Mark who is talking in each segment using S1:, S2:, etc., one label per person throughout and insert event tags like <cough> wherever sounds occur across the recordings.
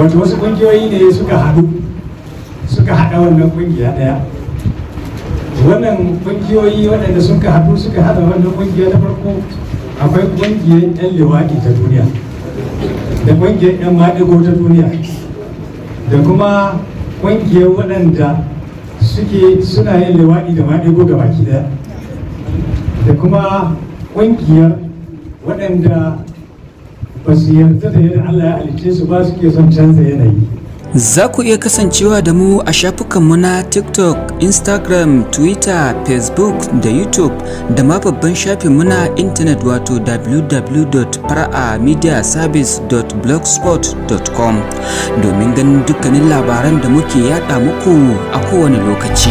S1: wato wasu ƙungiyoyi ne suka haɗu suka haɗa wannan kungiya ɗaya wannan ƙungiyoyi waɗanda suka haɗu suka haɗa wannan kungiya ta farko akwai ƙungiyar 'yan lewaki ta duniya da ƙungiyar 'yan maɗigo ta duniya da kuma ƙungiyar waɗanda suke suna yin lewaki da maɗigo gabaki baki ɗaya da kuma ƙungiyar waɗanda ba su da yadda Allah ya su ba ke son canza yanayi za ku iya kasancewa da mu a shafukanmu na tiktok instagram twitter facebook da youtube da ma babban shafinmu na intanet wato www.paramediaservice.blogspot.com domin ganin dukkanin labaran da muke yada muku a kowane lokaci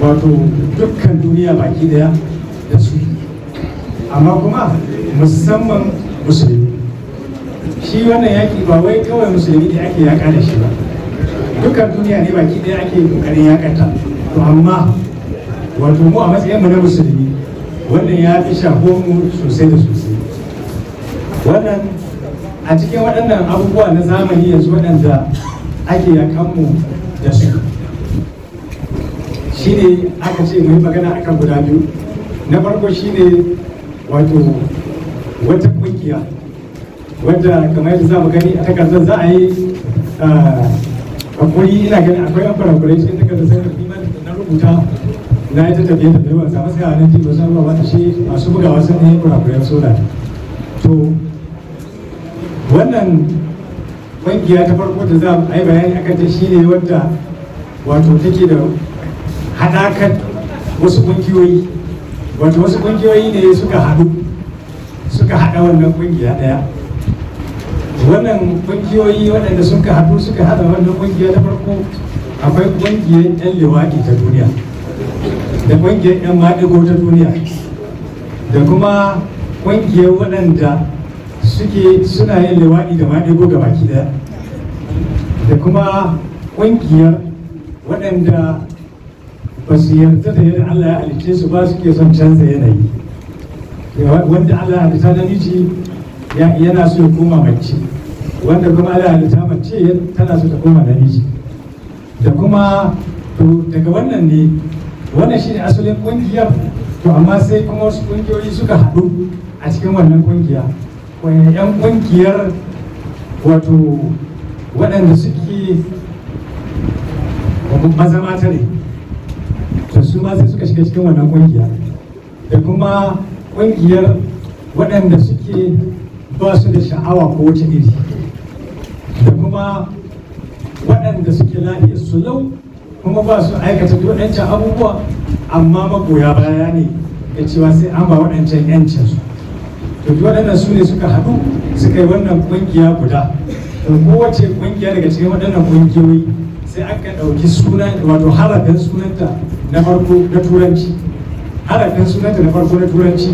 S1: wato dukkan duniya baki daya da su amma kuma musamman musulmi shi wannan yaki ba wai kawai musulmi ne ake yaƙa da shi ba dukkan duniya ne baki daya ake kokarin yakata to amma wato mu a matsayin mu na musulmi wannan ya fi shafo mu sosai da sosai wannan a cikin waɗannan abubuwa na zamani yanzu waɗanda ake yakan mu shine aka ce mai magana akan guda biyu na farko shine wato wata kungiya wadda kamar yadda za mu gani a takardar za a yi hakuri ina ganin akwai fara kure cikin takardar sai na rubuta na yi ta tafiye tafiye ba samu sai a nan jibo sun ba ta shi masu bugawa sun yi farakurai sola to wannan kungiya ta farko da za a yi bayani akan ta shine wadda wato take da hadakar wasu kungiyoyi wanda wasu kungiyoyi ne suka haɗu suka haɗa wannan kungiya ɗaya wannan kungiyoyi waɗanda suka haɗu suka haɗa wannan kungiya ta farko akwai kungiyar 'yan lewaɗi ta duniya da kungiyar 'yan maɗigo ta duniya da kuma kungiyar waɗanda suke suna yin lewaɗi da maɗigo ga baki ɗaya da kuma kungiyar waɗanda ba su yarda da yadda Allah ya halicce su ba suke son canza yanayi wanda Allah ya halitta namiji yana so ya koma mace wanda kuma Allah ya halitta mace tana so ta koma da miji. da kuma to daga wannan ne wannan shi ne asalin kungiyar to amma sai kuma wasu kungiyoyi suka haɗu a cikin wannan kungiya wani yan kungiyar wato waɗanda suke maza mata ne to su sai suka shiga cikin wannan kungiya da kuma kungiyar waɗanda suke ba su da sha'awa ko wace iri da kuma waɗanda suke lafiya su lau kuma ba su aikata waɗancan abubuwa amma magoya baya ne da cewa sai an ba waɗancan yancin su to waɗannan su ne suka haɗu suka yi wannan kungiya guda to kowace ƙungiya daga cikin waɗannan kungiyoyi sai aka ɗauki sunan wato harafin sunanta na farko na turanci harafin sunanta na farko na turanci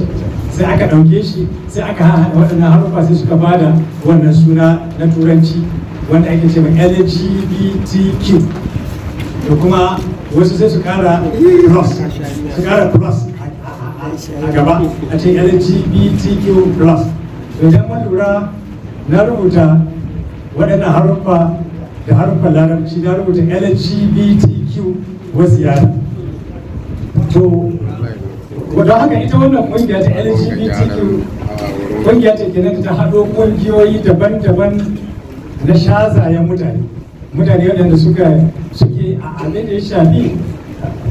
S1: sai aka ɗauke shi sai aka haɗa waɗannan haruffa sai suka bada wannan suna na turanci wanda ake ce lgbtq da kuma wasu sai su kara plus su kara plus a gaba a ce lgbtq plus to idan mun lura na rubuta waɗannan haruffa da harkar larabci na rubuta lgbtq wasu yara to wadda haka ita wannan kungiya ta lgbtq kungiya ta kenan ta haɗo kungiyoyi daban-daban na shazayen mutane mutane waɗanda suka suke a abin da ya shafi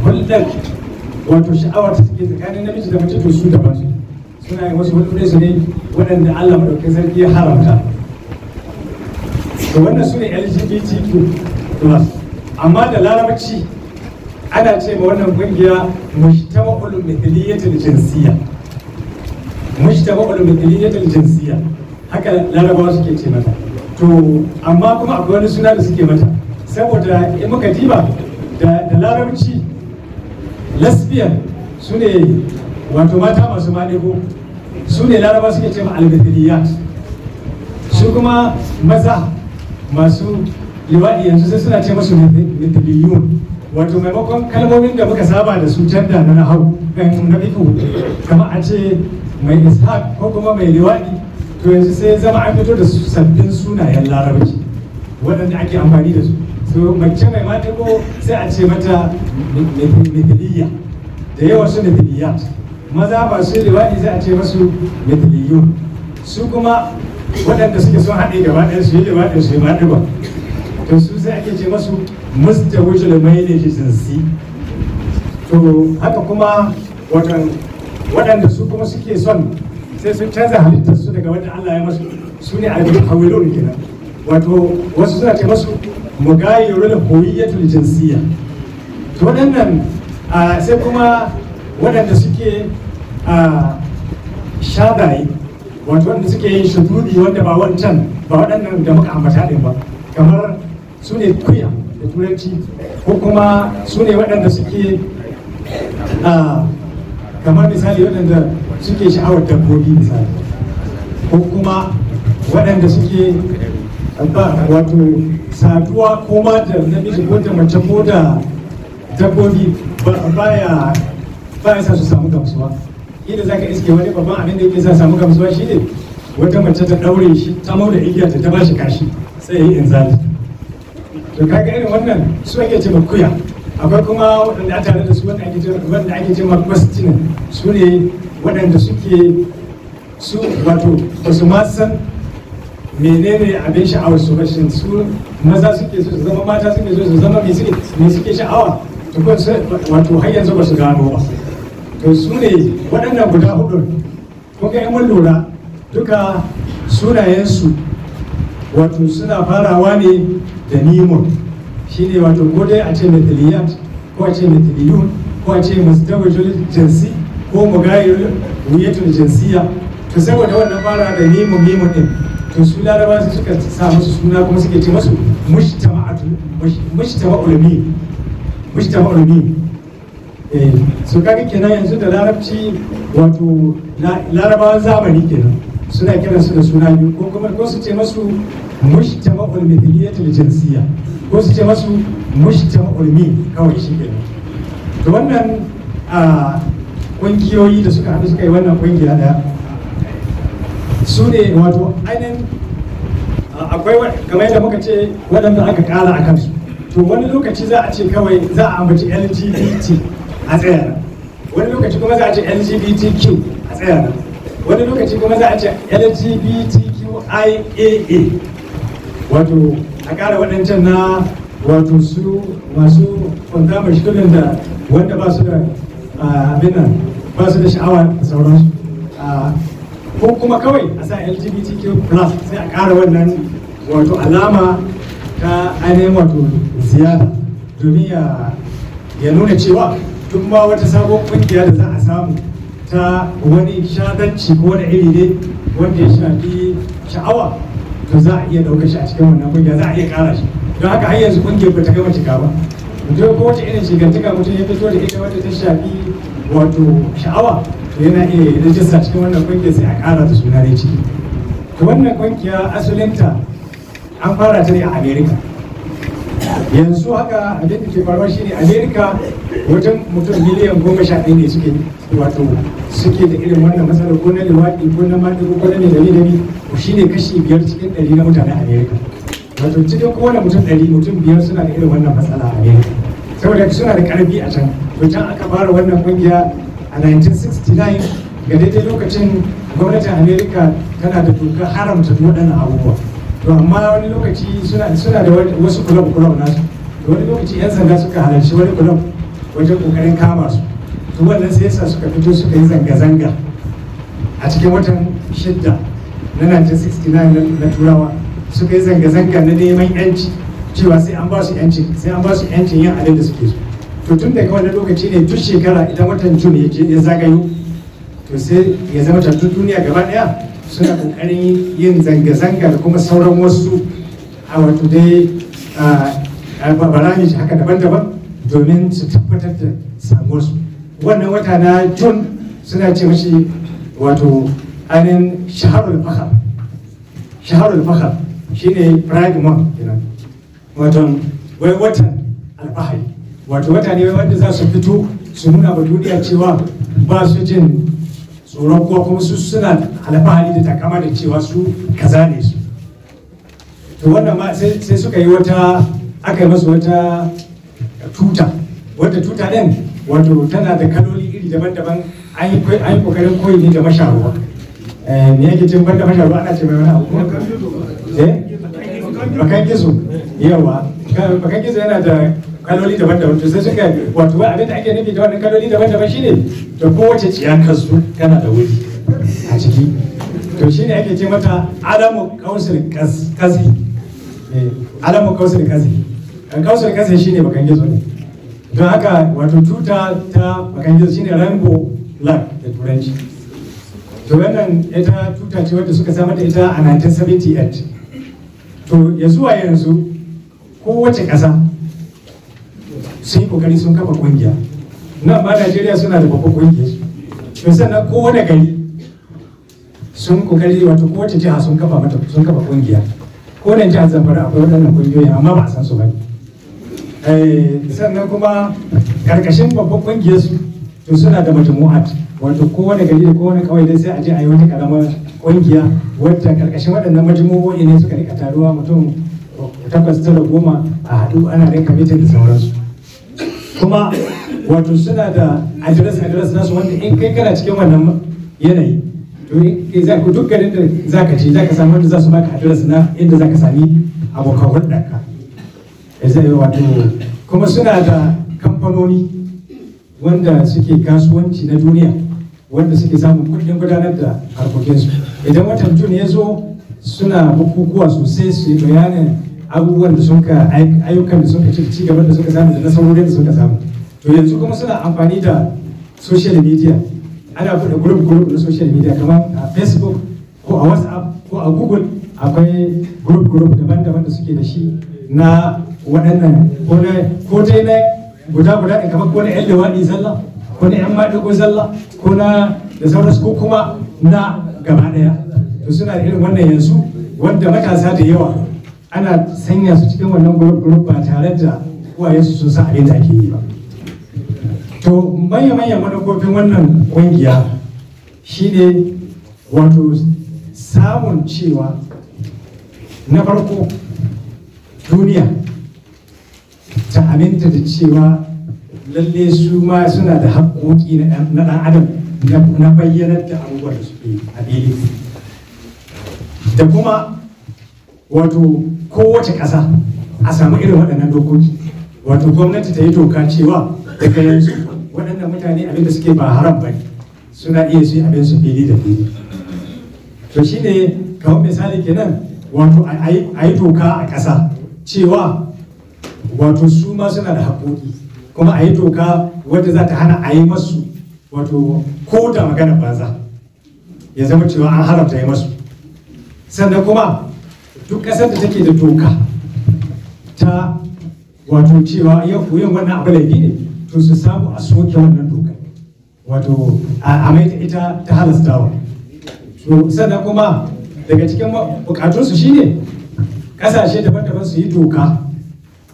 S1: hulɗar wato sha'awar ta suke tsakanin namiji da mace to su daban suna yin wasu hulɗar su ne waɗanda allah maɗaukin sarki ya haramta to wannan su ne lgbtq plus amma da larabci ana ce ma wannan kungiya mujtama'ul mithliyatul jinsiya mujtama'ul mithliyatul jinsiya haka larabawa suke ce mata to amma kuma akwai wani suna da suke mata saboda in muka diba da larabci lesbian su ne wato mata masu maɗigo su ne larabawa suke ce ma almithliyat su kuma maza masu liwaɗi yanzu sai suna ce musu mitiliyun wato maimakon kalmomin da muka saba da su can da na hau na fiƙo kamar a ce mai ishaq ko kuma mai liwaɗi to yanzu sai zama an fito da sabbin sunayen larabci waɗanda ake amfani da su to mace mai ko sai a ce mata mitiliya da yawa su mitiliyat maza masu liwaɗi sai a ce masu mitiliyun su kuma waɗanda suke son haɗe gaba ɗaya su yi gaba ɗaya su yi ba to su sai ake ce masu musta da mai ne jinsi to haka kuma waɗanda su kuma suke son sai sun canza halittar su daga wanda Allah ya masu su ne al-hawilun gina wato wasu suna ce masu mu ya huwiyatul jinsiya to waɗannan sai kuma waɗanda suke shabayi wato wanda suke yin shududi wanda ba wancan ba waɗannan da muka ambata ɗin ba kamar su ne kuya da turanci ko kuma su ne waɗanda suke kamar misali waɗanda suke sha'awar dabbobi misali ko kuma waɗanda suke wato saduwa ko ma da namiji ko da mace ko da dabbobi ba ya sa su samu gamsuwa yadda za ka iske wani babban abin da yake sa samu gamsuwa shi ne wata mace ta ɗaure shi ta da igiya ta ba shi kashi sai yi inzali to kaga irin wannan su ake ce makuya akwai kuma waɗanda a tare da su wanda ake ce makwastin su ne waɗanda suke su wato ba su ma san menene abin sha'awar su bashin su maza suke so su zama mata suke so su zama mai suke sha'awa to wato har yanzu ba su gano ba to su ne waɗannan guda hudun kuka yi mun lura duka sunayensu wato suna farawa ne da nimon shi ne wato ko dai a ce metaliyat ko a ce metaliyun ko a ce masdawajul jinsi ko mugayir wuyatul jinsiya to saboda wannan fara da nimon nimon din to su laraba su suka sa musu suna kuma suke ce musu mujtama'atul mujtama'ul ulumi mujtama'ul Eh, su kaga kenan yanzu da larabci wato larabawan zamani kenan suna kiran su da suna biyu ko kuma ko su ce masu ulmi mujtama'ul mithliyatul jinsiya ko su ce masu mujtama'ul ulmi kawai shi kenan to wannan a kungiyoyi da suka haɗu suka yi wannan kungiya daya su ne wato ainihin akwai kamar yadda muka ce waɗanda aka ƙara a kansu to wani lokaci za a ce kawai za a ambaci lgbt a tsaya nan wani lokaci kuma za a ce lgbtq a tsaya nan wani lokaci kuma za a ce lgbtqiaa wato a ƙara waɗancan na wato su masu kwanta mashigulin da wanda ba su da abin nan ba su da sha'awa da sauransu ko kuma kawai a sa lgbtq plus sai a ƙara wannan wato alama ta ainihin wato ziyara domin ya nuna cewa tun ba wata sabon kungiya da za a samu ta wani shaganci ko wani iri ne wanda ya shafi sha'awa to za a iya ɗaukar shi a cikin wannan kungiya za a iya ƙara shi don haka har yanzu kungiyar ba ta gama cika ba mutum ko wata irin shigantaka mutum ya fito da ita wanda ta shafi wato sha'awa to yana iya rajista cikin wannan kungiyar sai a ƙara ta suna ne ciki to wannan kungiya asalinta an fara ta ne a america yanzu haka abin da ke faruwa shine amerika wajen mutum miliyan goma sha ɗaya ne suke wato suke da irin wannan matsalar ko na liwaɗi ko na maɗi ko na mai dalilami shine kashi biyar cikin ɗari na mutanen amerika wato cikin kowane mutum ɗari mutum biyar suna da irin wannan matsala a amerika saboda suna da ƙarfi a can wajen aka fara wannan ƙungiya a 1969 ga daidai lokacin gwamnatin amerika tana da dokar haramta waɗannan abubuwa to amma wani lokaci suna suna da wasu kulob kulob nasu to wani lokaci yan sanda suka halarci wani kulob wajen kokarin kama su to wannan sai yasa suka fito suka yi zanga-zanga a cikin watan shidda na 1969 na turawa suka yi zanga-zanga na neman yanci cewa sai an ba su yanci sai an ba su yancin yin abin da suke so to tun daga wannan lokaci ne duk shekara idan watan jun ya zagayo to sai ya zama tattun duniya gaba daya suna ƙoƙarin yin zanga-zanga da kuma sauran wasu a wato dai shi haka daban-daban domin su tabbatar da samuwar su wannan wata na jun suna ce mashi wato ainihin shaharul fahar shaharul fahar ne pride month wato wai watan alfahari wato wata ne wanda za su fito su nuna ba duniya cewa ba su jin tsoron kuwa kuma su suna alfahari da takama da cewa su kaza ne su to wannan ma sai suka yi wata aka yi masu wata tuta wata tuta ɗin wato tana da kaloli iri daban-daban an yi kokarin koyi ne da masharuwa eh, me yake cin banda masharuwa ana ce mai wani abu eh? bakan gizo yawa bakan gizo yana da kaloli daban-daban to sai suka wato ba abin da ake nufi da wannan kaloli daban-daban shine To kowace ciya ka kana da wuri a ciki to shine ake ce mata alamu kausul kazi eh, alamu kausul kazi kan kausul kazi shine bakan gizo ne don haka wato tuta ta bakan gizo shine Rango flag da turanci to wannan ita tuta ce wadda suka samar da ita a 1978 to ya zuwa yanzu kowace ƙasa sun yi kokari sun kafa kungiya nan ba najeriya suna da babban kungiya to ko wani gari sun kokari wato wata jiha sun kafa mata sun kafa kungiya ko nan jihar zamfara akwai waɗannan kungiyoyi amma ba san su ba eh, sannan kuma karkashin babban kungiyar su to suna da majmu'at wato wani gari da wani kawai dai sai a je a yi wata karamar kungiya wadda karkashin waɗannan majmu'o'i ne suka rika taruwa mutum takwas tara goma a haɗu ana rinka mitin da sauransu kuma wato suna da address address nasu wanda in kai kana cikin wannan yanayi to in za ku duk garin da za ka ce za ka samu wanda za su baka address na inda za ka sami abokan hulɗarka eh, zai wato kuma suna da kamfanoni wanda suke kasuwanci na duniya wanda suke samun kuɗin gudanar da harkokinsu idan watan jun ya zo suna bukukuwa sosai su yi bayanin abubuwan da sun ka ayyukan da sun ka ci gaban da suka samu da nasarorin da suka samu to yanzu kuma suna amfani da social media ana buɗe group group na social media kamar a facebook ko a whatsapp ko a google akwai group group daban-daban da suke da shi na waɗannan ko dai na guda guda ɗin kamar ko na yan lewaɗi zalla ko na yan maɗigo zalla ko na da sauransu ko kuma na gaba ɗaya to suna da irin wannan yanzu wanda matasa da yawa ana sanya su cikin wannan gurup ba tare da waye su sun sa abin da ake yi ba to manya-manyan manufofin wannan kungiya shine wato samun cewa na farko duniya ta aminta da cewa lalle su ma suna da haƙoƙi na ɗan adam na bayyanar da abubuwan da su a da kuma wato kowace ƙasa a samu irin waɗannan dokoki wato gwamnati ta yi doka cewa daga yanzu waɗannan mutane abinda suke ba haram ba suna iya su yi abin su fili da fili to shine kawai misali kenan wato a yi doka a ƙasa cewa wato su ma suna da haƙoƙi kuma a yi doka wadda za ta hana a yi masu wato ko da magana banza ya zama cewa an haramta yi masu sannan kuma duk ƙasar da take da doka ta wato cewa yau koyon wannan abu laifi ne to su samu a soke wannan doka wato a mai ta ita ta halastawa to sannan kuma daga cikin bukatunsu shine ƙasashe daban-daban su yi doka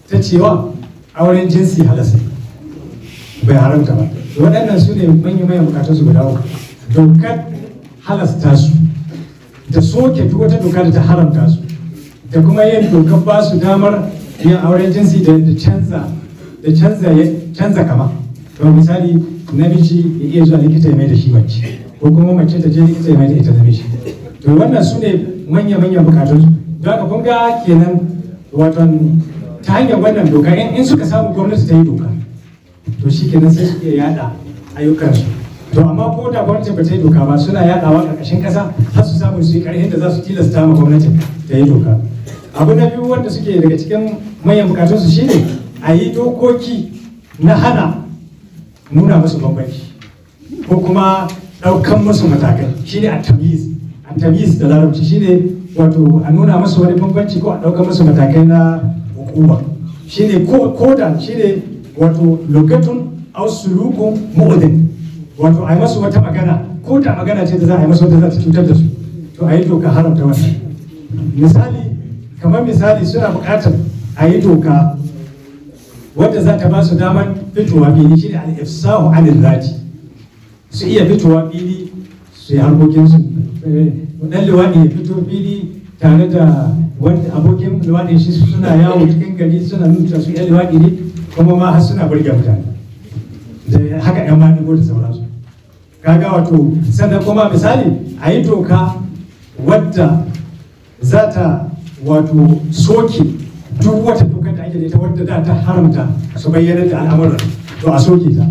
S1: ta cewa auren jinsi halasta bai haramta ba waɗannan su ne manya-manyan su guda uku dokar halasta su da soke duk wata doka da ta haramta su da kuma yin dokar ba su damar yin auren jinsi da canza da canza canza kama to misali namiji ya iya zuwa likita ya mai da shi mace ko kuma mace ta je likita ya mai da ita namiji to wannan su ne manya-manyan bukatun su don haka kun ga kenan watan ta hanyar wannan doka in suka samu gwamnati ta yi doka to shi kenan sai su iya yada ayyukansu to amma ko da gwamnati ba ta yi doka ba suna yadawa ƙarƙashin ƙasa har su samu su yi ƙarfin da za su tilasta ma gwamnati ta yi doka abu na biyu wanda suke daga cikin manyan bukatun su shine a yi dokoki na hana nuna musu bambanci ko kuma daukan musu matakai shine a tamyiz a tamyiz da larabci shine wato a nuna musu wani bambanci ko a daukan musu matakai na hukuma shine ko da shine wato lokatun ausuluku mu'udin wato a yi masu wata magana ko da magana ce da za a yi masu wata za ta cutar da su to a yi doka haramta wannan misali kamar misali suna buƙatar a yi doka wadda za ta ba su damar fitowa fili shi ne al'ifsahu anil zati su iya fitowa fili su yi harkokinsu ɗan eh, liwaɗi ya fito fili tare da wanda abokin liwaɗi shi suna yawo cikin gari suna nuna su yan liwaɗi ne kuma ma har suna burge mutane da haka yan mani ko da sauransu kaga wato sannan kuma misali a yi doka wadda za ta wato soke duk wata dokar da ake da ita wadda da ta haramta su bayyana da al'amuran to a soke ta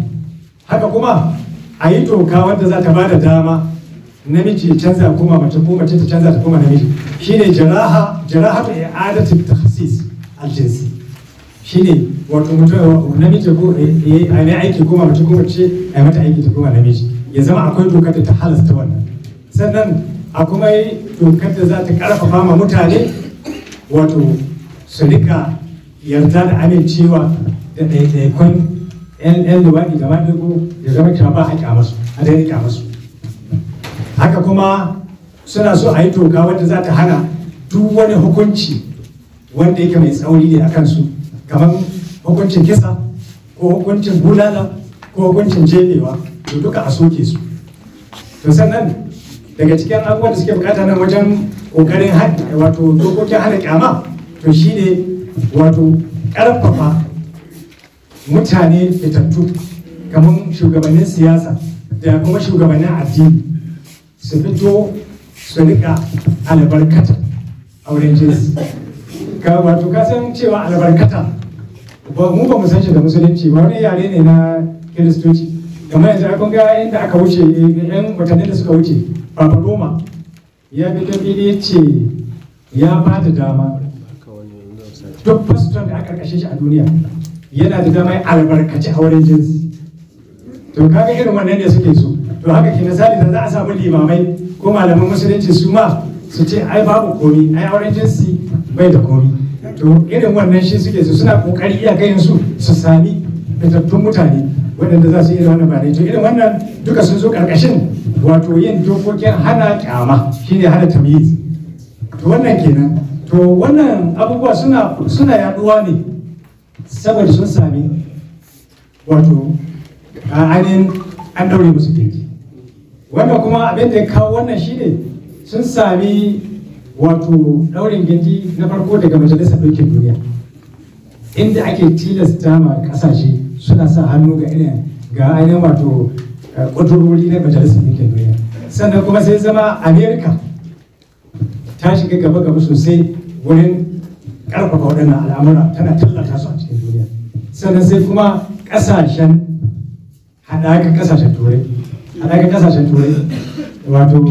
S1: haka kuma a yi doka wadda za ta bada dama namiji ya canza kuma mace ko mace ta canza ta kuma namiji shine jaraha jarahatu i'adatu takhsis al-jinsi shine wato mutum namiji ko ya eh, eh, yi aiki kuma mace ko mace a mata aiki ta kuma namiji ya zama akwai dokar da ta halasta wannan sannan a kuma yi dokar da za ta karfafa ma mutane wato su yarda da amincewa da ɗaiɗaikon 'yan luwaɗi da ɗaya ya zama kira ba a kyamarsu a daidai haka kuma suna so a yi toka wadda za ta hana duk wani hukunci wanda yake mai tsauri ne a kansu kamar hukuncin kisa ko hukuncin bulala ko hukuncin jelewa to duka a soke su to sannan daga cikin abubuwan da suke bukata nan wajen kokarin wato dokokin hana kyama to shine wato karfafa mutane fitattu kamar shugabannin siyasa da kuma shugabannin addini su fito su rika albarkata auren jinsi ka wato ka san cewa albarkata ba mu ba mu san shi da musulunci ba wani yare ne na kiristoci kamar yanzu kun gaya inda aka wuce yan watanni da suka wuce Babu roma ya fito fili ce ya ba da dama duk faston da aka kashe shi a duniya yana da dama ya albarkaci auren jinsi to kaga irin wannan ne suke so to haka ke misali da za a samu limamai ko malaman musulunci su ma su ce ai babu komi ai auren jinsi bai da komi to irin wannan shi suke so suna kokari iyakayin su su sami fitattun mutane waɗanda za su iya wannan ba da irin wannan duka sun zo ƙarƙashin wato yin dokokin hana ƙyama shine hana tamyiz to wannan kenan to wannan abubuwa suna suna yaduwa ne saboda sun sami wato ainihin an daure musu kirki wanda kuma abin da ya kawo wannan shine sun sami wato daurin gindi na farko daga majalisar ɗaukin duniya inda ake tilasta ma ƙasashe suna sa hannu ga irin ga ainihin wato eh, ƙudurori na majalisar ɗinkin duniya sannan kuma sai zama amerika ta shiga gaba gaba sosai wurin ƙarfafa waɗannan al'amura tana tallata su a cikin duniya sannan sai kuma ƙasashen haɗaka ƙasashen turai haɗaka ƙasashen turai wato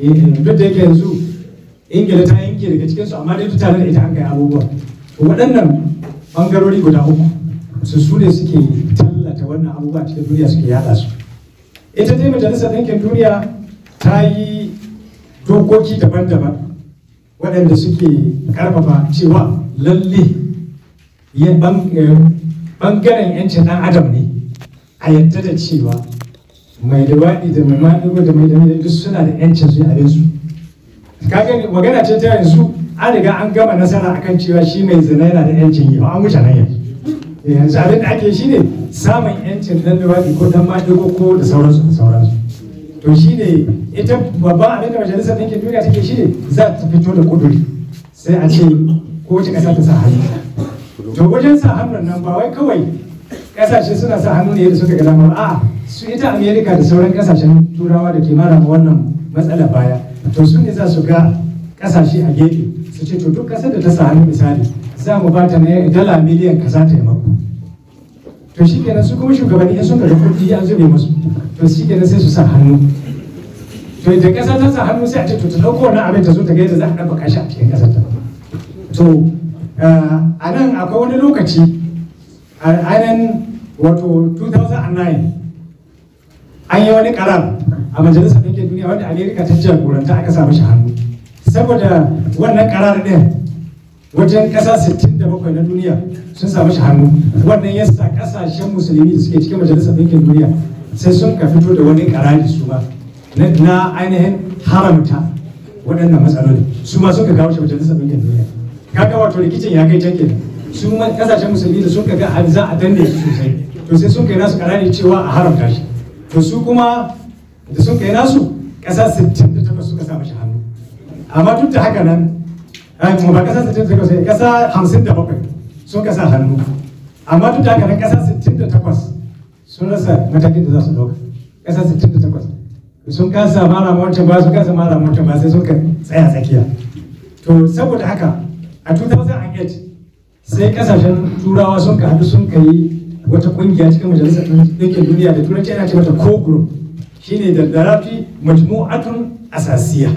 S1: eh, duk da yake yanzu ingila ta yanke daga cikinsu amma dai duk tare da ita an kai abubuwa waɗannan ɓangarori guda uku su su ne suke tallata wannan abubuwa cikin duniya suke yada su ita dai majalisar ɗinkin duniya ta yi dokoki daban-daban waɗanda suke karfafa cewa lalle ɓangaren 'yancin ɗan adam ne a yadda da cewa mai dawaɗi da mai maɗigo da mai dami duk suna da 'yancin su yare su gani magana ce ta yanzu an riga an gama nasara akan cewa shi mai zina yana da 'yancin yi ba an wuce nan yanzu yanzu abin da ake shine samun yancin dan luwaɗi ko dan maɗi ko ko da sauransu da sauransu to shine ita babban abin da majalisar ɗinkin duniya take shine za ta fito da kuduri sai a ce ko wace ƙasa ta sa hannu to wajen sa hannun nan ba wai kawai ƙasashe suna sa hannu ne da suka gada ba a'a su ita amerika da sauran ƙasashen turawa da ke mara wannan matsalar baya to su ne za su ga ƙasashe a gefe su ce to duk ƙasar da ta sa hannu misali za mu ba ta dala miliyan kaza mako. to shi kenan su kuma shugabanni ya sun karɓi kuɗi ya zube musu to shi kenan sai su sa hannu to idan ƙasa ta sa hannu sai a ce to ta ɗauko wani abin ta zo ta ga yadda za a ɗabbaka kashi a cikin ƙasar ta to eh, a nan akwai wani lokaci a ainihin wato 2009 an yi wani karar a majalisar ɗinkin duniya wanda amerika ta jagoranta aka samu shi hannu saboda wannan karar ɗin wajen ƙasa 67 na duniya sun samu shi hannu wannan ya sa kasashen musulmi da suke cikin majalisar ɗinkin duniya sai sun ka fito da wani karari su ma na ainihin haramta waɗannan matsaloli su ma sun ka kawo shi majalisar ɗinkin duniya kaga wato rikicin ya kai canke su ma kasashen musulmi da sun ka ga za a danne su sosai to sai sun kai nasu karari cewa a haramta shi to su kuma da sun kai nasu ƙasa 68 suka sa mashi hannu amma duk da haka nan eh, ba ƙasa 68 ƙasa 57 sun ka sa hannu amma duk da haka nan kasa 68 sun rasa matakin da za su dauka kasa 68 sun kasa mara mota ba sun kasa mara mota ba sai sun ka tsaya tsakiya to saboda haka a 2008 sai kasashen turawa sun ka haɗu sun ka yi wata ƙungiya cikin majalisar ɗinkin duniya da turanci yana ce mata ko group shine da darafi majmu'atun asasiya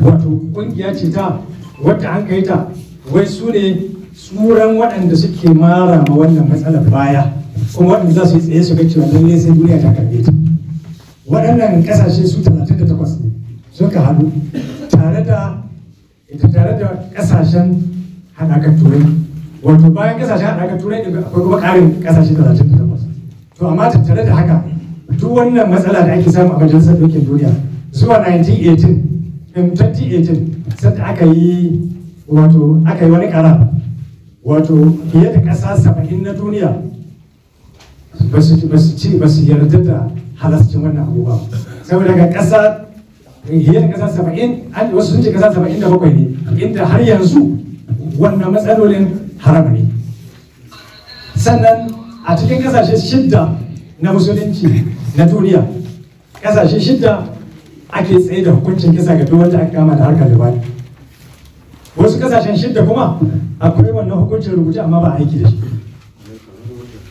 S1: wato ƙungiya ce ta wadda an kai ta wai su ne tsuran waɗanda suke mara ma wannan matsalar baya kuma waɗanda za su yi tsaye su ga cewa lallai sai duniya ta karɓe ta waɗannan ƙasashe su 38 ne suka haɗu tare da ita tare da ƙasashen haɗakar turai wato bayan ƙasashen haɗakar turai ɗin akwai kuma ƙarin ƙasashe 38 to amma tattare da haka duk wannan matsala da ake samu a majalisar ɗaukin duniya zuwa 1918 2018 sai aka yi wato aka yi wani ƙara wato fiye da ƙasa saba'in na duniya ba su ci ba su yarda da halascin wannan abu ba saboda ga ƙasa fiye da ƙasa saba'in wasu sun ce ƙasa saba'in da bakwai ne inda har yanzu wannan matsalolin haram ne sannan a cikin ƙasashe shidda na musulunci na duniya ƙasashe shidda ake tsaye da hukuncin kisa ga duk wanda aka kama da harkar libani wasu kasashen shidda kuma akwai wannan hukuncin rubuce amma ba aiki da shi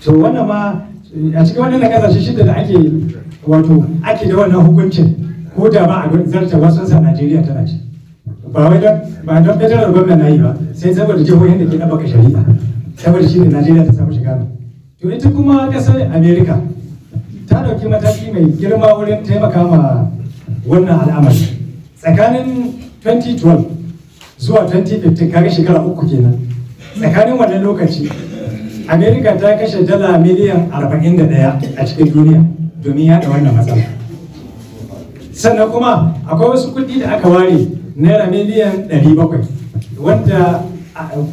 S1: to wannan ma a cikin wannan kasashe shidda da ake wato ake da wannan hukuncin ko da ba a zarta wasu sa Najeriya tana ci ba wai don ba don federal gwamnati na yi ba sai saboda jihohin da ke ɗabbaka shari'a saboda shi ne Najeriya ta samu shiga to ita kuma kasar America ta dauki mataki mai girma wurin taimaka ma wannan al'amari tsakanin 2012 zuwa 2015 kaga shekara uku kenan tsakanin wannan lokaci amerika ta kashe dala miliyan 41 a cikin duniya domin yada wannan matsala sannan kuma akwai wasu kuɗi da aka ware naira miliyan 700 wanda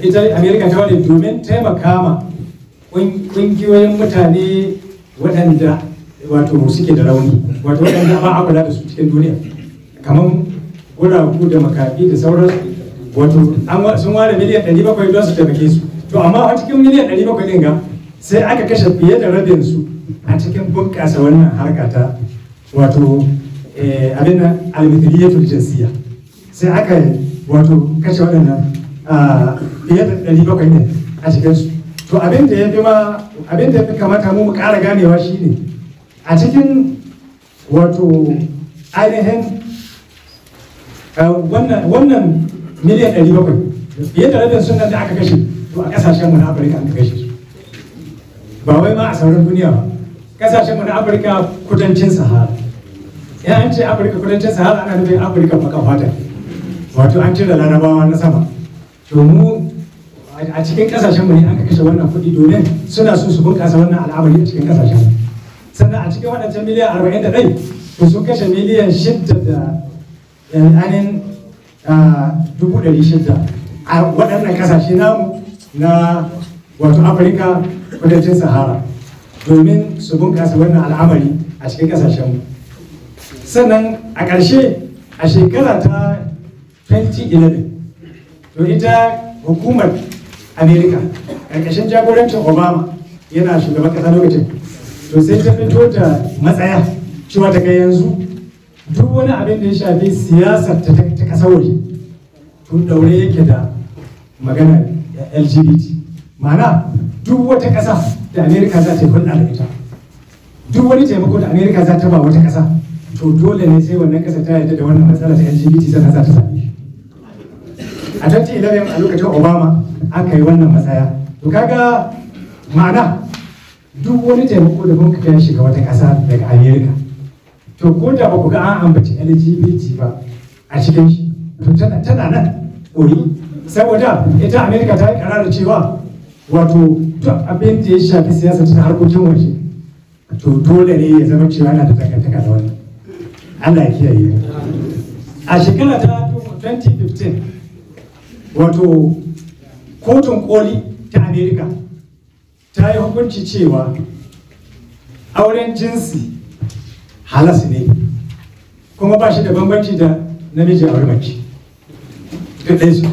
S1: ita amerika ta ware domin taimaka ma ƙungiyoyin mutane waɗanda wato suke da rauni wato waɗanda ba a kula da su cikin duniya kamar guragu da makafi da sauransu wato sun ware miliyan 700 don su taimake su to amma a cikin miliyan 700 din ga sai aka kashe fiye da rabin su a cikin bunƙasa wannan harka ta wato eh, abin almithiliyatul jinsiya sai aka wato kashe waɗannan fiye da 700 din a cikin su to abin da ya fi ma abin da ya fi kamata mu mu ƙara ganewa shine a cikin wato ainihin wannan miliyan ɗari bakwai fiye da rabin sunan da aka kashe to a ƙasashen mu na afirka an kashe su ba wai ma a sauran duniya ba ƙasashen mu na afirka kudancin sahara ya an ce afirka kudancin sahara ana nufin afirka baka fata wato an cire larabawa na sama to mu a cikin kasashen mu ne aka kashe wannan kuɗi domin suna so su bunƙasa wannan al'amari a cikin kasashen mu sannan a cikin waɗancan miliyan arba'in da ɗai to sun kashe miliyan shidda da eh, ainihin Ah, dubu ɗari shida a waɗannan ƙasashe namu na wato afirka kudancin sahara domin su bunƙasa wannan al'amari a cikin ƙasashenmu sannan a ƙarshe a shekara ta 2011 to ita hukumar amerika ƙarƙashin jagorancin obama yana shugaban ƙasa lokacin to sai ta fito da matsaya cewa daga yanzu duk wani abin da ya shafi siyasar ta kasar waje tun daure yake da magana lgbt ma'ana duk wata ƙasa da amerika za ta yi hulɗa da ita duk wani taimako da amerika za ta ba wata ƙasa to dole ne sai wannan ƙasa ta yadda da wannan matsala ta lgbt sannan za ta sami a a 2011 a lokacin obama aka yi wannan matsaya to kaga ma'ana duk wani taimako da kuma kai shiga wata ƙasa daga amerika to ko da ba ku ga an ambaci lgbt ba a cikin shi to tana tana nan koyi saboda ita america ta yi kararar cewa wato duk abin da ya shafi siyasa ta harkokin waje to dole ne ya zama cewa yana da takantaka da wannan Allah ya kiyaye a shekara ta 2015 wato kotun koli ta america ta yi hukunci cewa auren jinsi halas ne kuma ba shi da bambanci da namiji a mace duk su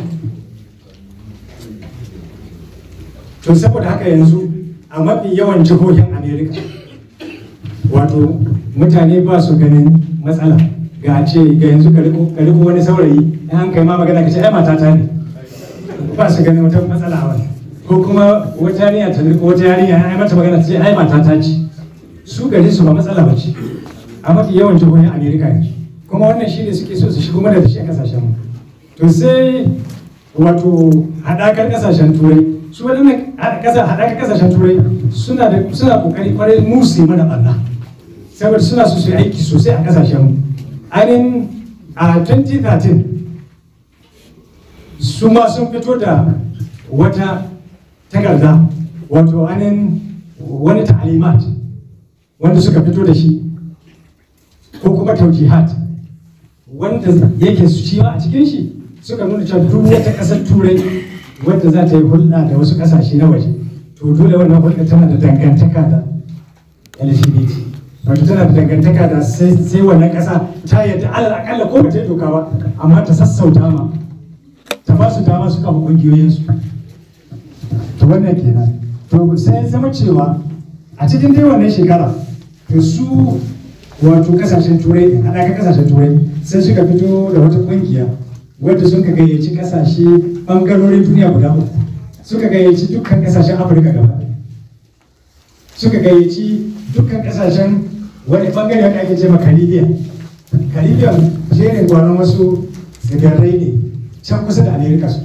S1: to saboda haka yanzu a mafi yawan jihohin america wato mutane ba su ganin matsala ga ce ga yanzu ka riko wani saurayi in an kai ma magana ka ce ai mata ta ne ba su ganin wata matsala a ko kuma wata yarinya ta riko wata yarinya ai mata magana ta ce ai mata ta ce su gari su ba matsala ba ce a mafi yawan jihohin america yanzu kuma wannan shi ne suke so su shigo mana da shi a kasashen mu to sai wato haɗakar kasashen turai su waɗannan haɗakar kasashen turai suna da suna kokari kwarai mu su yi mana Allah saboda suna so su aiki sosai a kasashen mu anin a 2013 su ma sun fito da wata takarda wato anin wani ta'alimat wanda suka fito da shi ko kuma taujihat wanda yake su ciwa a cikin shi suka nuna cewa duk wata ƙasar turai wadda za ta yi hulɗa da wasu ƙasashe na waje to dole wannan hulɗa tana da dangantaka da lgbt wato tana da dangantaka da sai wannan ƙasa ta yadda alal akalla ko ta yi doka ba amma ta sassauta ma ta ba su dama su kama ƙungiyoyinsu to wannan kenan to sai zama cewa a cikin dai wannan shekara to su wato kasashen turai ana ga kasashen turai sai suka fito da wata kungiya wadda suka gayyaci kasashe bangarorin duniya guda uku suka gayyaci dukkan kasashen afirka gaba suka gayyaci dukkan kasashen wani bangare wanda ake ce ma caribbean caribbean jerin gwanon wasu tsibirai ne can kusa da amerika su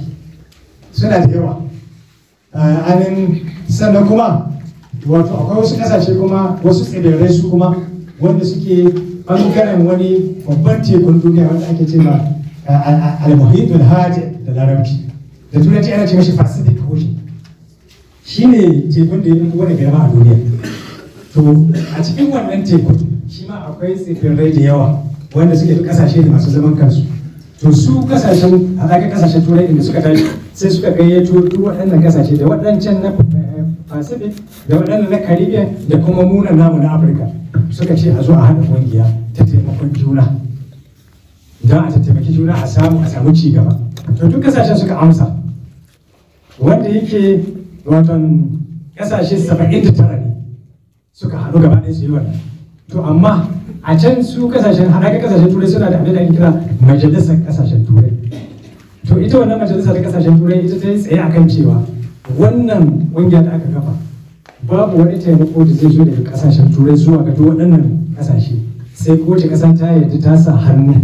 S1: suna da yawa ah, anin sannan kuma wato akwai wasu kasashe kuma wasu tsibirai su kuma wanda suke bangaren wani babban tekun duniya wanda ake ce ma al-muhitul hajj da larabci da turanci ana ce mashi pacific ocean ne tekun da ya fi wani girma a duniya to a cikin wannan tekun shi ma akwai tsibirai da yawa wanda suke fi kasashe da masu zaman kansu to su kasashen a haɗakar kasashen turai inda suka tashi sai suka gayyato duk waɗannan kasashe da waɗancan na pacific da waɗannan na caribbean da kuma munan namu na afirka suka ce a zo a haɗa ƙungiya ta taimakon juna don a taimaki juna a samu a samu ci gaba to duk kasashen suka amsa wanda yake watan kasashe 79 ne suka haɗu gaba ɗaya su yi wannan to amma a can su kasashen haɗaka kasashen turai suna da abin da ake kira majalisar kasashen turai to ita wannan majalisar kasashen turai ita ta yi tsaye akan cewa wannan ƙungiyar da aka kafa babu wani taimako da zai zo daga kasashen turai zuwa ga waɗannan kasashe sai kowace ƙasa ta yadda ta sa hannu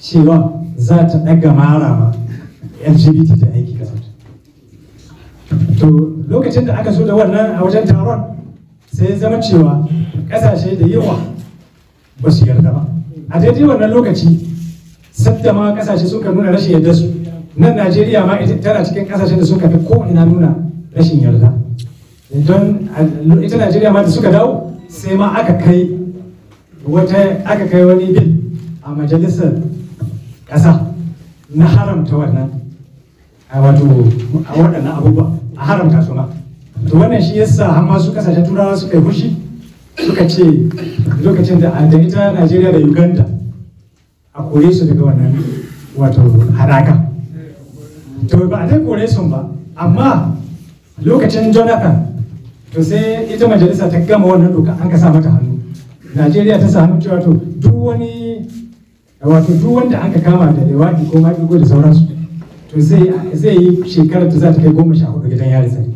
S1: cewa za ta ɗaga mara ma lgbt da aiki ƙasar to lokacin da aka so da wannan a wajen taron sai zama cewa ƙasashe da yawa ba su yarda ba a daidai wannan lokaci sadda ma ƙasashe suka nuna rashin yarda su nan najeriya ma tana cikin kasashen da suka fi kowane na nuna rashin yarda don eh, ita najeriya ma da suka dawo sai ma aka kai wata aka kai wani bil a majalisar ƙasa na haramta wannan a wato a waɗannan abubuwa a haramta su ma to wannan shi yasa har ma su kasashen turawa suka yi fushi suka ce lokacin da a ita najeriya da uganda a kore su daga wannan wato haɗaka to ba a dai kore sun ba amma lokacin jonathan to sai ita majalisa ta gama wannan doka an ka sa mata hannu najeriya ta sa cewa to duk wani wato duk wanda an ka kama da lewaki ko maƙigo da sauransu to zai yi shekarar da za ta kai goma sha hudu gidan yari sai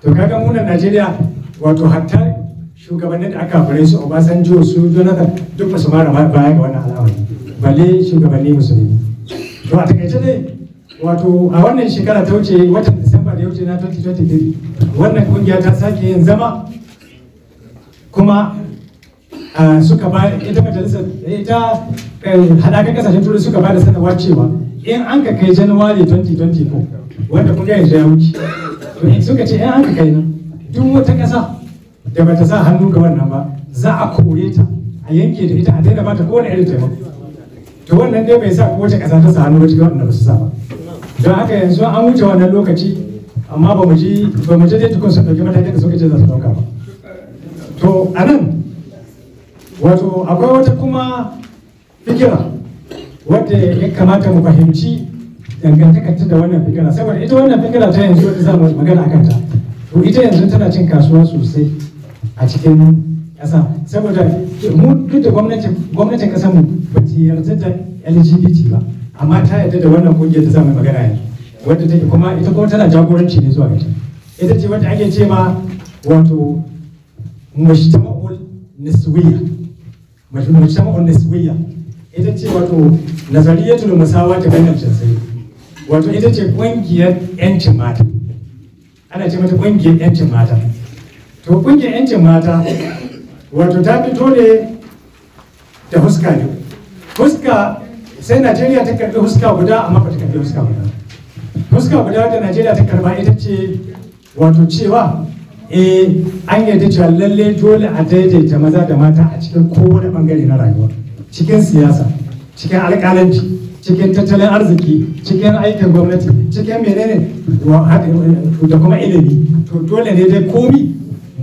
S1: to kaga munan najeriya wato hatta shugabannin da aka fure su obasanjo su jonathan duk ba mara baya ga wannan al'amari balle shugabanni musulmi to a takaice dai wato a wannan shekara ta wuce watan disamba da ya wuce na 2023 wannan kungiya ta sake yin zama kuma suka ba ita majalisar ita eh, hadakar kasashen turai suka ba da sanarwa cewa in an ka kai januwari 2024 wanda kun gaya ya wuce suka ce in an ka kai nan duk wata kasa da bata sa hannu ga wannan ba za a kore ta a yanke da ita a daina bata kowane irin taimako to wannan dai bai sa ko wata kasa ta sa hannu ba cikin wannan ba su sa ba don haka yanzu an wuce wannan lokaci amma ba mu ji ba mu ji dai tukun su ɗauki matakin da suka ce za su ɗauka ba to a nan wato akwai wata kuma fikira wadda ya kamata mu fahimci ta da wannan fikira saboda ita wannan fikira ta yanzu wadda za mu magana a kanta to ita yanzu tana cin kasuwa sosai a cikin ƙasa saboda mu duk da gwamnatin ƙasar mu ba ta yarda da lgbt ba amma ta yadda da wannan kungiyar ta zama magana yanzu wadda take kuma ita kuma tana jagoranci ne zuwa ita ita ce wadda ake ce ma wato mujtama'ul niswiya mujtama'ul niswiya ita ce wato nazariyatul musawati bainal jinsai wato ita ce kungiyar yancin mata ana ce mata kungiyar yancin mata to kungiyar yancin mata wato ta fito ne da huska ne huska sai najeriya ta karbi huska guda amma ba ta karbi huska guda huska guda da najeriya ta karba ita ce wato cewa eh an yarda cewa lalle dole a daidaita maza da mata a cikin kowane bangare na rayuwa cikin siyasa cikin alƙalanci cikin tattalin arziki cikin aikin gwamnati cikin menene da kuma ilimi to dole ne dai komi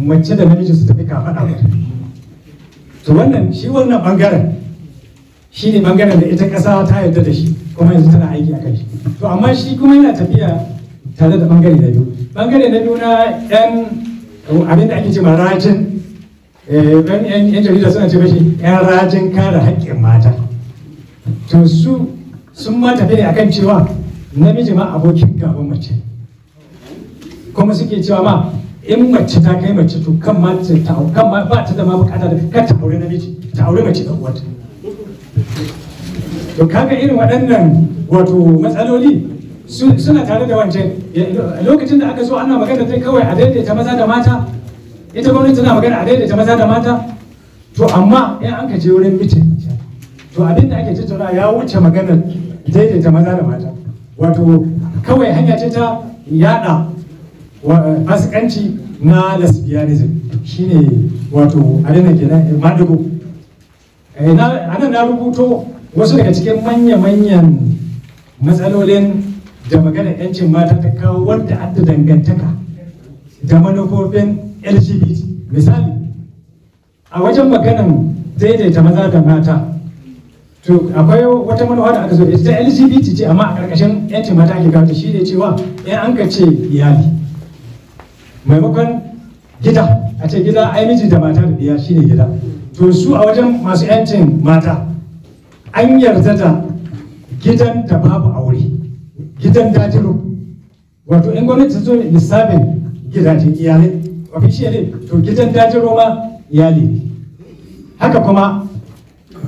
S1: mace da namiji su tafi kafaɗa to wannan shi wannan bangaren shi ne bangaren da ita ƙasa ta yarda da shi kuma yanzu tana aiki a kai to amma shi kuma yana tafiya tare da bangare na biyu bangare na biyu na yan abin da ake ce ma rajin yan eh, jarida suna ce mashi yan rajin kare haƙƙin mata to su sun ma tafi ne akan cewa namiji ma abokin gaban mace kuma suke cewa ma in mace ta kai mace to kan ma ta kan ba ta da ma bukata da ka ta aure namiji ta aure mace da uwarta to kaga irin waɗannan wato matsaloli suna tare da wancan lokacin da aka so ana magana ta kawai a daidaita maza da mata ita gwamnati tana magana a daidaita maza da mata to amma in an ka je wurin mitin to abin da ake tattauna ya wuce maganar daidaita maza da mata wato kawai hanya ce ta yada fasikanci na lesbianism shine wato a kenan madugo Eh, a nan na rubuto wasu daga cikin manya-manyan matsalolin da magana 'yancin mata ta kawo wadda adda dangantaka da manufofin lgbt misali a wajen maganan daidaita maza da mata to akwai wata manufa da aka zo ita lgbt ce amma a karkashin 'yancin mata ake kawo shi ne cewa in an ka ce iyali maimakon gida a ce gida ai miji da mata da biya shine gida to su a wajen masu 'yancin mata an yarda da gidan da babu aure gidan dajiro wato in gwamnati zo ne lissafin gidajen iyalai ne to gidan dajiro ma iyali ne haka kuma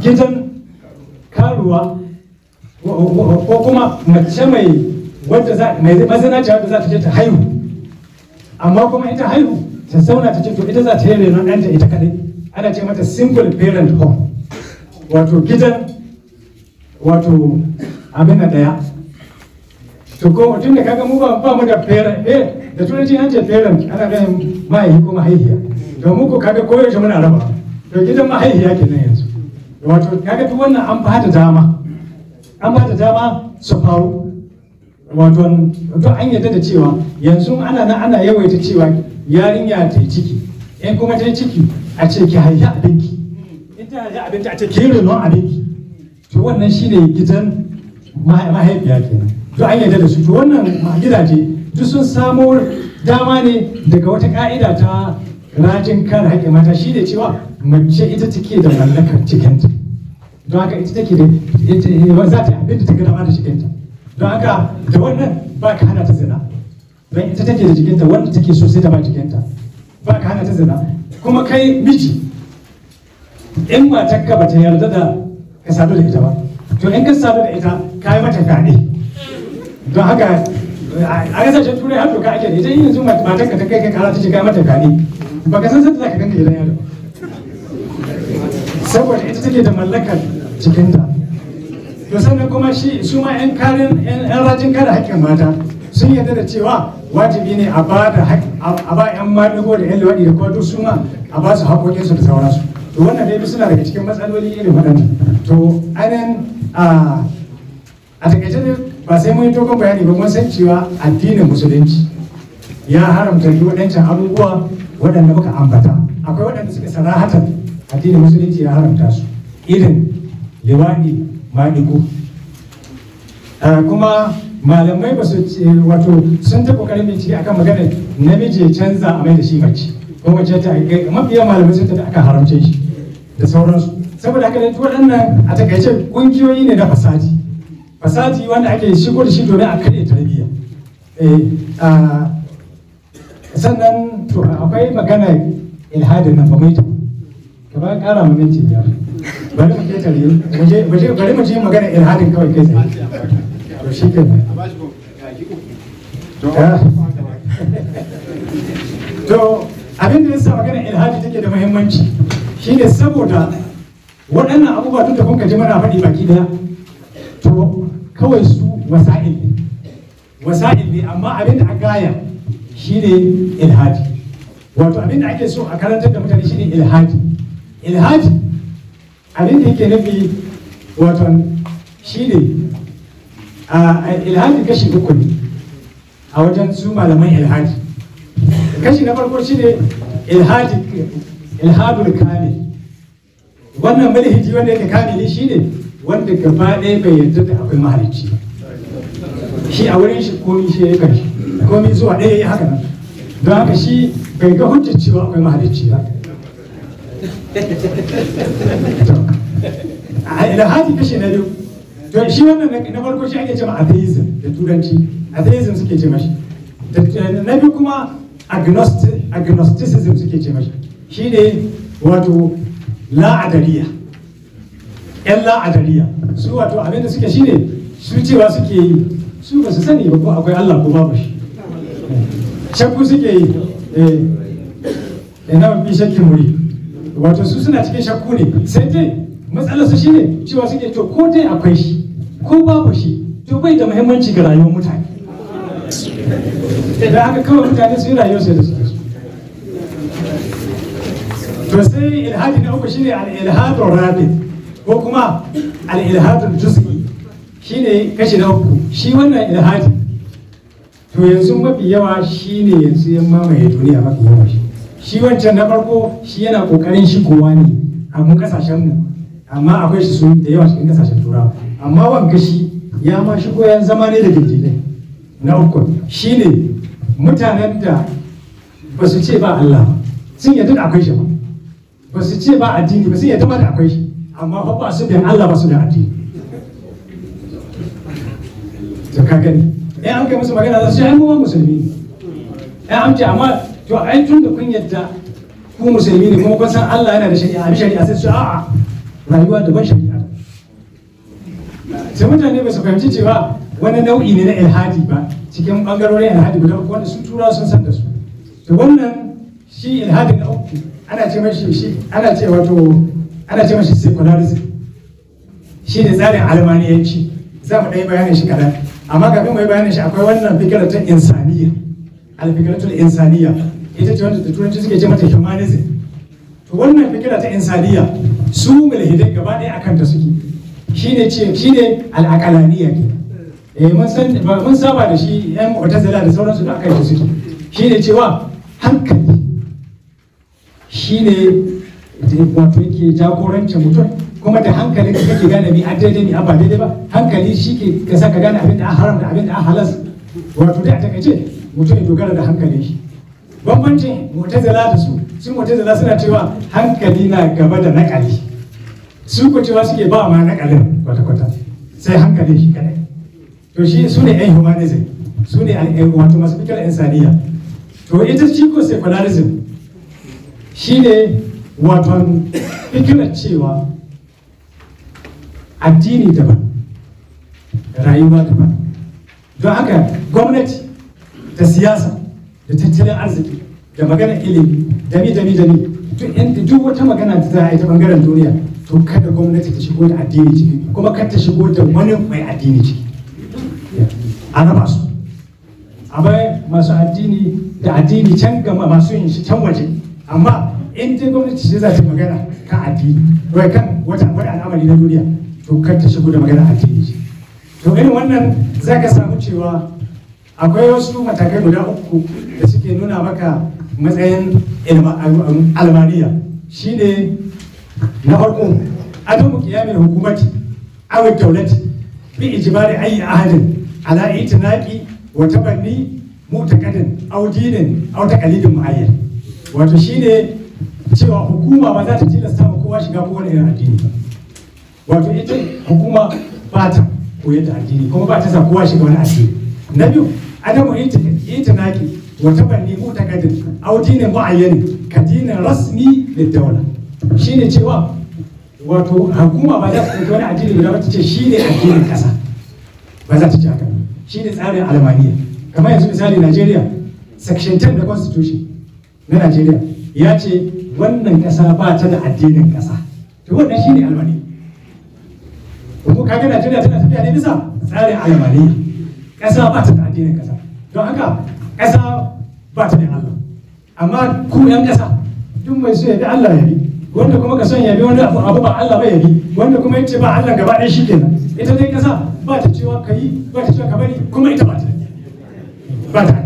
S1: gidan karuwa ko kuma mace mai wadda za mai mazinaci wadda za ta je ta haihu amma kuma ita haihu ta zauna ta ce to ita za ta yi renon ɗanta ita kadai ana ce mata simple parent home wato gidan wato abin da daya to ko mutum da kaga mu ba mu da parent eh da turanci an ce parent ana ganin mahaifi ko mahaifiya to mu ko kaga koyaushe muna raba to gidan mahaifiya kenan yanzu wato kaga duk wannan an bada dama an bada dama su faru wato to an yadda da cewa yanzu ana ana yawaita cewa yarinya ta yi ciki in kuma ta yi ciki a ce ki haihi abinki in ta haihi abinki a ce ki yi renon abinki to wannan shine gidan mahaifiya kenan to an yarda da su to wannan gidaje duk sun samo dama ne daga wata ka'ida ta rajin kare haƙƙin mata shi ne cewa mace ita take da mallakar cikinta don haka ita take da ita za ta abin da ta gada da cikinta don haka da wannan ba ka hana ta zina don ita take da cikinta wanda take so sai ta ba cikinta ba ka hana ta zina kuma kai miji in matar ka bata yarda da ka sadu da ita ba to in ka sadu da ita ka yi mata fyaɗe don haka a kasashen turai har doka ake da ita yanzu ka ta kai kai kara ta ce ka yi mata fyaɗe ba ka san sanda za ka ganka gidan yaro saboda ita take da mallakar cikinta to sannan kuma shi su ma 'yan karin 'yan rajin kare haƙƙin mata sun yarda da cewa wajibi ne a ba da a ba yan maɗigo da yan luwaɗi da kuma duk suna a ba su haƙoƙinsu da sauransu to wannan dai suna daga cikin matsaloli irin waɗanda to ainihin a takaice ne ba sai mun yi tokon bayani ba mun san cewa addinin musulunci ya haramta yi waɗancan abubuwa waɗanda muka ambata akwai waɗanda suka sarahata addinin musulunci ya haramta su irin liwaɗi maɗigo kuma malamai ba su wato sun ta kokarin bincike akan maganar namiji ya canza a mai da shi mace ko mace ta kai mafiya malamai sun ta aka haramce shi da sauransu saboda haka ne waɗannan a takaice ƙungiyoyi ne na fasadi fasadi wanda ake shigo da shi domin a karya tarbiyya eh, sannan to akwai magana ilhadin na ka ba ƙara mu minti biyar bari mu je bari mu je magana ilhadin kawai kai tsaye shi ke <laughs> to abin da yasa magana ilhaji take da muhimmanci shine saboda waɗannan abubuwa duk da kun ka ji mana faɗi baki daya to kawai su wasa'il ne, wasa'il ne amma abin da a gaya shi ne ilhaji wato abin da ake so a karantar da mutane shi ne ilhaji ilhaji abin da yake nufi wato ne. a ilhadi kashi uku ne a wajen su malaman ilhadi kashi na farko shi ne ilhadul kamil wannan mulhiji wanda yake kamili shi ne wanda gaba ɗaya bai yarda da akwai mahalicci shi a wurin shi komi shi ya yi karshe komi zuwa ɗaya ya haka nan don haka shi bai ga hujjar cewa akwai mahalicci ba a ilhadi kashi na biyu to shi wannan na farko shi ake cewa atheism da turanci atheism suke ce mashi na biyu kuma agnosticism suke ce mashi shi ne wato la'adariya yan la'adariya su wato abin da suke shi ne su cewa suke yi su ba su sani ba ko akwai allah ko babu shi shakku suke yi eh bi eh, shakki muri wato su suna cikin shakku ne sai dai matsalar su shine cewa suke to ko dai akwai shi ko babu shi to bai da muhimmanci ga rayuwar mutane idan haka kawai mutane su yi rayuwar su da su to sai ilhadi na uku shine al ilhadu rabi ko kuma al ilhadu juz'i shine kashi na uku shi wannan ilhadi to yanzu mafi yawa shine yanzu ya mamaye duniya mafi yawa shi shi wancan na farko shi yana kokarin shi kowa ne a mu kasashen mu amma akwai shi su da yawa cikin kasashen turawa amma wani shi ya ma shigo ya zama ne da dalilai na uku shine mutanen da ba su ce ba Allah ba sun yadda da akwai shi ba ba su ce ba addini ba sun yadda ma da akwai shi amma ba ba su da Allah ba su da addini to ka gani eh an kai musu magana za su ce mu musulmi eh an ce amma to ai tun da kun yadda ku musulmi ne kuma kun san Allah yana da shari'a a shari'a sai su a'a rayuwa da ban shari'a sai mutane ba su fahimci cewa wani nau'i ne na ilhadi ba cikin bangarorin ilhadi guda uku wanda sun tura sun san da su to wannan shi ilhadi na uku ana ce mashi shi ana ce wato ana ce mashi secularism shi ne tsarin almaniyanci za mu ɗaya bayanin shi kaɗan amma kafin mu yi bayanin shi akwai wannan fikiratul insaniya alfikiratul insaniya ita ce wanda turanci suke ce mata humanism to wannan fikira ta insaniya su mulhidai gaba ɗaya akan ta suke shine ce shine al'akalaniya ke eh mun san mun saba da shi yan mu'tazila da sauransu da aka yi su shine cewa hankali shine wato yake jagorancin mutum kuma da hankali da kake gane mi a daidai mi a ba daidai ba hankali shi ke ka sa ka gane abin da haram da abin da a halas wato da a takaice mutum ya dogara da hankali shi bambancin mu'tazila da su wata mu'tazila suna cewa hankali na gaba da naƙali su kucewa suke ba ma nakalin kwata-kwata sai hankali shi kadai to shi su ne yan humanism su ne wato masu fikar insaniya to ita shi ko secularism shi ne wato fikirar cewa addini daban rayuwa daban don haka gwamnati da siyasa da tattalin arziki da magana ilimi dami dami dami duk wata magana da za a yi ta bangaren duniya to kada gwamnati ta shigo da addini ciki kuma kada ta shigo da wani mai addini ciki a masu a bai masu addini da addini can gama masu yin shi can waje amma in dai gwamnati ce za ta magana kan addini wai kan wata wani al'amari na duniya to kada ta shigo da magana addini ciki to irin wannan za ka samu cewa akwai wasu matakai guda uku da suke nuna maka matsayin almaniya shine na farko adamu kiyamin hukumati aw dawlati bi ijibari ayi ahadin ala wata banni mu ta mutakadin aw au aw taqalidin muayyan wato shine cewa hukuma ba za ta tilasta ba kowa shiga ko wani irin addini ba wato ita hukuma ba ta koyar da addini kuma ba ta sa kowa shiga wani addini na biyu adamu wata banni mu ta kadin audinin muayyan ka dinin rasmi da dawla shine cewa wato hukuma ba za ta kuma wani addini guda ba ta ce shine addinin ƙasa ba za ta ce haka shine tsarin al'amaniya kamar yanzu misali Najeriya section 10 da constitution na Najeriya ya ce wannan ƙasa ba ta da addinin ƙasa to wannan shine al'amani. ko kaga Najeriya tana tafiya ne bisa tsarin al'amaniya ƙasa ba ta da addinin ƙasa don haka ƙasa ba ta da Allah amma ku 'yan ƙasa duk mai so ya da Allah ya bi wanda kuma ka son biyu wani abu ba Allah ba yabi wanda kuma yace ba Allah gaba ɗaya shikenan ita dai kasa ba ta cewa ka ba ta cewa ka bari kuma ita ba ta ba ta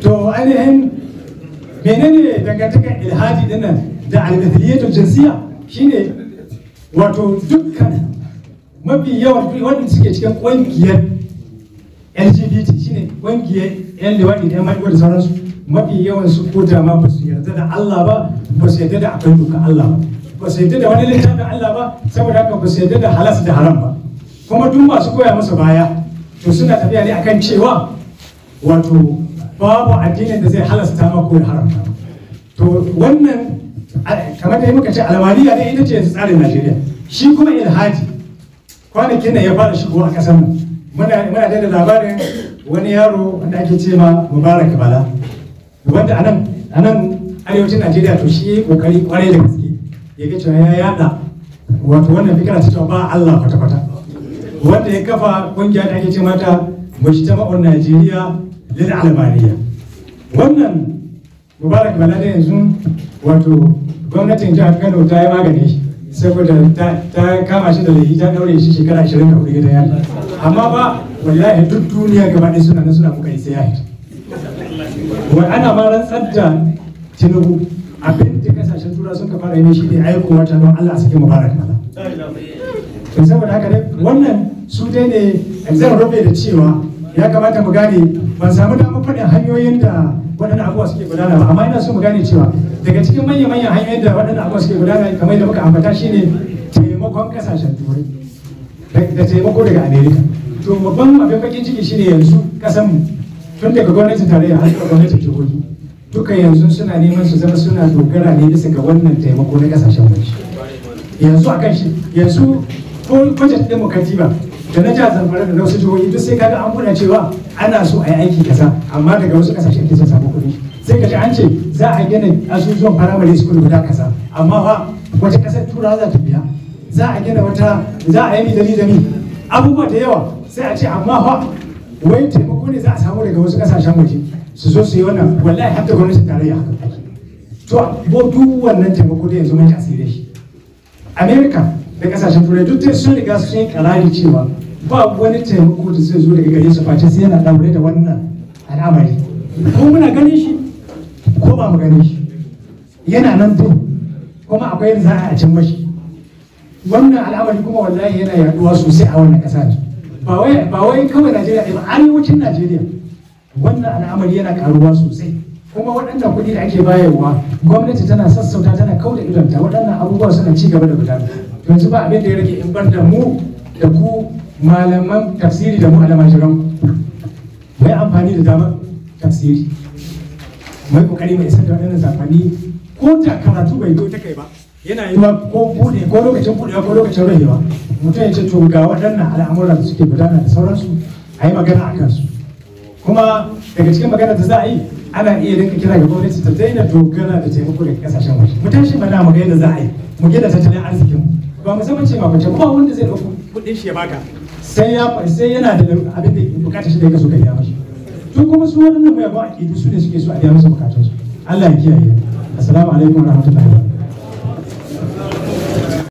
S1: to ainihin menene dangantakar ilhadi din nan da almithliyatu jinsiya shine wato dukkan mafi yawan wanda suke cikin kungiyar LGBT shine ƙungiyar yan liwadi da yan maɗigo da sauransu mafi yawan su sukuta ma ba su yarda da Allah ba ba su yarda da akwai duka Allah ba ba su yarda da wani littafi Allah ba saboda haka ba su yarda da halas da haram ba kuma duk masu koya masa baya to suna tafiya ne akan cewa wato babu addinin da zai halasta ma ko haramta to wannan kamar dai muka ce almaniya ne ita ce tsarin Najeriya shi kuma ilhaji kwanakin nan ya fara shigo a ƙasar mu muna da labarin wani yaro wanda ake ce ma Mubarak Bala wanda anan anan arewacin Najeriya to shi kokari kwarai da gaske ya ga cewa ya yada wato wannan fikira ta cewa ba Allah kwata kwata wanda ya kafa kungiya da ake ce mata mujtama'un Najeriya lil albaniya wannan Mubarak Balade yanzu wato gwamnatin jihar Kano ta yi magani shi saboda ta kama shi da laifi ta daure shi shekara 24 gidan yari amma ba wallahi duk duniya gaba ɗaya suna nan suna kokari sai ya hita wai ana ma rantsar da tinubu abin da kasashen tura suka fara yi shi ne aiko wata don allah suke mubarak mana to saboda haka dai wannan su dai ne zan rufe da cewa ya kamata mu gane ban samu damar faɗin hanyoyin da waɗannan abubuwa suke gudana ba amma ina so mu gane cewa daga cikin manya-manyan hanyoyin da waɗannan abubuwa suke gudana kamar da muka ambata shine taimakon kasashen turai da taimako daga amerika to babban abin bakin ciki shine yanzu kasanmu tun daga gwamnatin tarayya har zuwa gwamnatin jihohi duka yanzu suna neman su zama suna dogara ne bisa ga wannan taimako na kasashen waje yanzu a kan shi yanzu ko budget din ba da na jihar zamfara da wasu jihohi duk sai kaga an kuna cewa ana so a yi aiki kasa amma daga wasu kasashen da son samu kuɗi sai ka an ce za a gina asusuwan firamare su guda kasa amma fa wace kasar turawa za ta biya za a gina wata za a yi ni da abubuwa da yawa sai a ce amma fa wai taimako ne za a samu daga wasu kasashen waje su zo su yi wannan wallahi har da gwamnatin tarayya haka to bo duk wannan taimako da yanzu mai asiri shi america da kasashen turai duk sun riga sun yi karari cewa ba wani taimako da zai zo daga gare su face sai yana daure da wannan al'amari ko muna ganin shi ko ba mu ganin shi yana nan dai kuma akwai yadda za a cin mashi wannan al'amari kuma wallahi yana yaduwa sosai a wannan kasashen ba wai kawai Najeriya ɗaya ba arewacin Najeriya wannan al'amari yana karuwa sosai kuma waɗannan kuɗi da ake bayarwa gwamnati tana sassauta tana kauda idonta waɗannan abubuwa suna ci gaba da gudana yanzu ba abin da ya rage in bar da mu da ku malaman tafsiri da mu almajiran mai amfani da dama tafsiri mai kokari mai isar da waɗannan zamani ko da karatu bai zo ta kai ba yana yi ko buɗe ko lokacin buɗewa ko lokacin rahewa mutum ya ce to ga waɗannan al'amura da suke gudana da sauransu a yi magana a kansu kuma daga cikin magana da za a yi ana iya rinka kira ga gwamnati ta daina dogara da taimako daga kasashen waje mu tashi mana mu ga yadda za a yi mu gina tattalin arzikin ba mu zama ce ma kwace ba wanda zai ɗauko kuɗin shi ya baka sai ya sai yana da abin da bukatar shi da yake ka biya mashi to kuma su waɗannan mai ba aƙidu su ne suke so a biya masa bukatunsu Allah ya kiyaye assalamu alaikum